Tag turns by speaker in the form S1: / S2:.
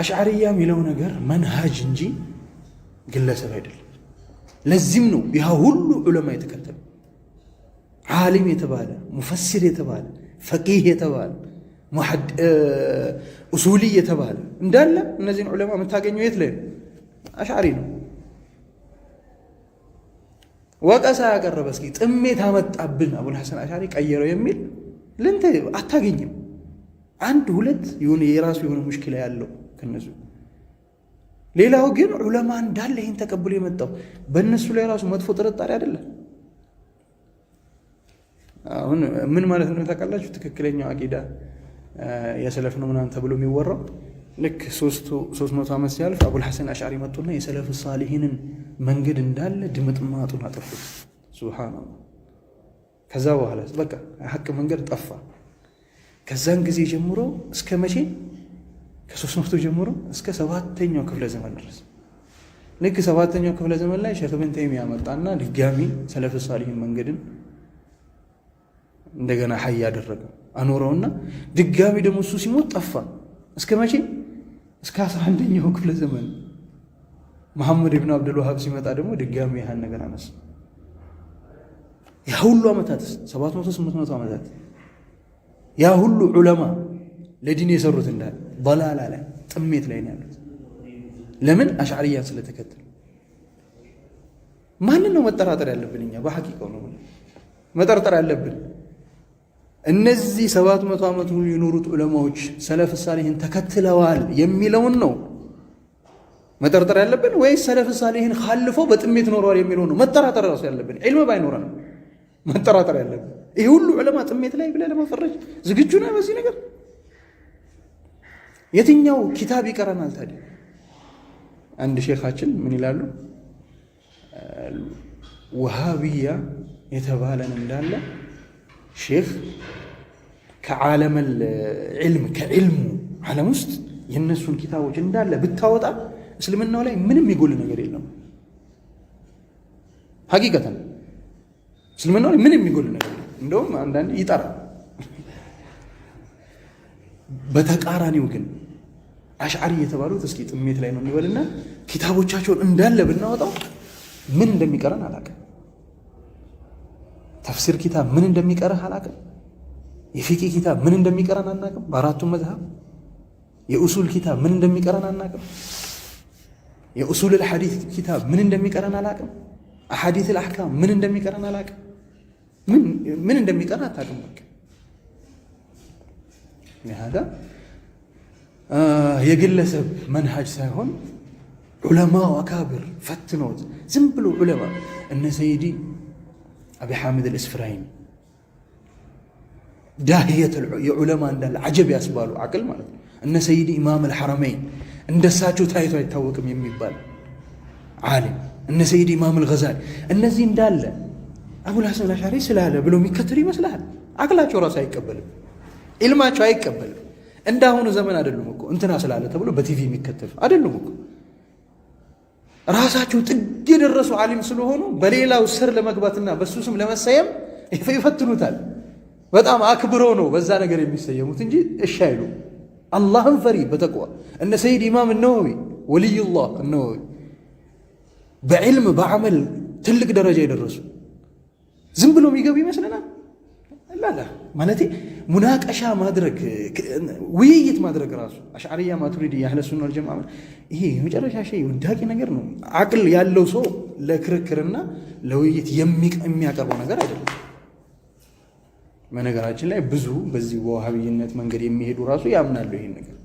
S1: አሽዓርያ የሚለው ነገር መንሃጅ እንጂ ግለሰብ አይደለም። ለዚህም ነው ይሃ ሁሉ ዑለማ የተከተሉ ዓሊም የተባለ ሙፈሲር የተባለ ፈቂህ የተባለ ኡሱሊ የተባለ እንዳለ እነዚህን ዑለማ የምታገኘው የት ላይ ነው? አሽዓሪ ነው። ወቀሳ ያቀረበ እስኪ ጥሜት አመጣብን አቡልሐሰን አሻሪ አሽዓሪ ቀየረው የሚል ልንተ አታገኝም። አንድ ሁለት የሆነ የራሱ የሆነ ሙሽኪላ ያለው ከነሱ ሌላው ግን ዑለማ እንዳለ ይህን ተቀብሎ የመጣው በእነሱ ላይ ራሱ መጥፎ ጥርጣሬ አይደለም። አሁን ምን ማለት ነው ታውቃላችሁ? ትክክለኛው አቂዳ የሰለፍ ነው ምናምን ተብሎ የሚወራው ልክ ሶስት መቶ ዓመት ሲያልፍ አቡል ሐሰን አሽዓሪ መጡና የሰለፍ ሳሊሂንን መንገድ እንዳለ ድምጥማጡን አጠፉት። ሱብሃነላ። ከዛ በኋላ በቃ ሀቅ መንገድ ጠፋ። ከዛን ጊዜ ጀምሮ እስከ መቼ ከሶስት መቶ ጀምሮ እስከ ሰባተኛው ክፍለ ዘመን ድረስ ልክ ሰባተኛው ክፍለ ዘመን ላይ ሼክ ኢብን ተይሚያ ድጋሚ ሰለፍ ሳሊሂን መንገድን እንደገና ሀይ ያደረገ አኖረውና ድጋሚ ደግሞ እሱ ሲሞት ጠፋ። እስከ መቼ? እስከ አስራ አንደኛው ክፍለ ዘመን መሐመድ ብን አብዱልዋሃብ ሲመጣ ደግሞ ድጋሚ ያህን ነገር አነሳ። ያ ሁሉ ዓመታት ሰባት መቶ ስምንት መቶ ዓመታት ያ ሁሉ ዑለማ ለዲን የሰሩት እንዳለ በላላ ላይ ጥሜት ላይ ነው ያሉት። ለምን አሽዓርያን ስለተከተሉ። ማንን ነው መጠራጠር ያለብን? እኛ በሐቂቃው ነው መጠርጠር ያለብን። እነዚህ ሰባት መቶ ዓመት ሁሉ የኖሩት ዑለማዎች ሰለፍ ሳሊህን ተከትለዋል የሚለውን ነው መጠርጠር ያለብን ወይስ ሰለፍ ሳሊህን ካልፈው በጥሜት ኖረዋል የሚለውን ነው መጠራጠር ራሱ ያለብን? ዒልም ባይኖረን መጠራጠር ያለብን ይህ ሁሉ ዑለማ ጥሜት ላይ ብለህ ለመፈረጅ ዝግጁ ነህ በዚህ ነገር? የትኛው ኪታብ ይቀረናል ታዲያ? አንድ ሼካችን ምን ይላሉ? ውሃብያ የተባለን እንዳለ ሼክ ከዓለመል ዒልም ከዕልሙ ዓለም ውስጥ የእነሱን ኪታቦች እንዳለ ብታወጣ እስልምናው ላይ ምንም የጎል ነገር የለም። ሀቂቀተን እስልምናው ላይ ምንም የሚጎል ነገር የለም። እንደውም አንዳንድ ይጠራል። በተቃራኒው ግን አሽዓሪ የተባሉት እስኪ ጥሜት ላይ ነው የሚበልና ኪታቦቻቸውን እንዳለ ብናወጣው ምን እንደሚቀረን አላቅም። ተፍሲር ኪታብ ምን እንደሚቀረህ አላቅም? የፊቂ ኪታብ ምን እንደሚቀረን አናቅም። በአራቱም መዝሃብ የኡሱል ኪታብ ምን እንደሚቀረን አናቅም። የኡሱል ልሐዲት ኪታብ ምን እንደሚቀረን አላቅም። አሐዲት ልአሕካም ምን እንደሚቀረን አላቅም። ምን እንደሚቀረን አታቅም። በቃ የግለሰብ መንሃጅ ሳይሆን ዑለማው አካብር ፈትኖት ዝም ብሎ ዑለማ እነ ሰይዲ አቢ ሐሚድ አልእስፍራይን ዳህየት የዑለማ እንዳለ አጀብ ያስባሉ አቅል ማለት ነው። እነ ሰይዲ ኢማም አልሐረመይን እንደሳቸው ታይቶ አይታወቅም የሚባል ዓሊም እነ ሰይዲ ኢማም አልገዛሊ እነዚህ እንዳለ አቡልሐሰን አሻሪ ስላለ ብሎ የሚከተል ይመስልሃል? አቅላቸው ራሱ አይቀበልም፣ ኢልማቸው አይቀበልም። እንደ አሁኑ ዘመን አይደሉም እኮ እንትና ስላለ ተብሎ በቲቪ የሚከተሉ አይደሉም እኮ ራሳቸው ጥግ የደረሱ ዓሊም ስለሆኑ በሌላው ስር ለመግባትና በሱ ስም ለመሰየም ይፈትኑታል። በጣም አክብሮ ነው በዛ ነገር የሚሰየሙት እንጂ እሺ አይሉ አላህን ፈሪ በተቅዋ እነ ሰይድ ኢማም እነወዊ ወልዩላህ እነወዊ በዕልም በዓመል ትልቅ ደረጃ የደረሱ ዝም ብሎ የሚገቡ ይመስለናል። ላላ ማለት ሙናቀሻ ማድረግ ውይይት ማድረግ ራሱ አሽዓርያ ማቱሪድ ይሄ የመጨረሻ ሸ ውዳቂ ነገር ነው። አቅል ያለው ሰው ለክርክርና ለውይይት የሚያቀርበው ነገር አይደለም። በነገራችን ላይ ብዙ በዚህ በዋሃብይነት መንገድ የሚሄዱ ራሱ ያምናሉ ይሄን ነገር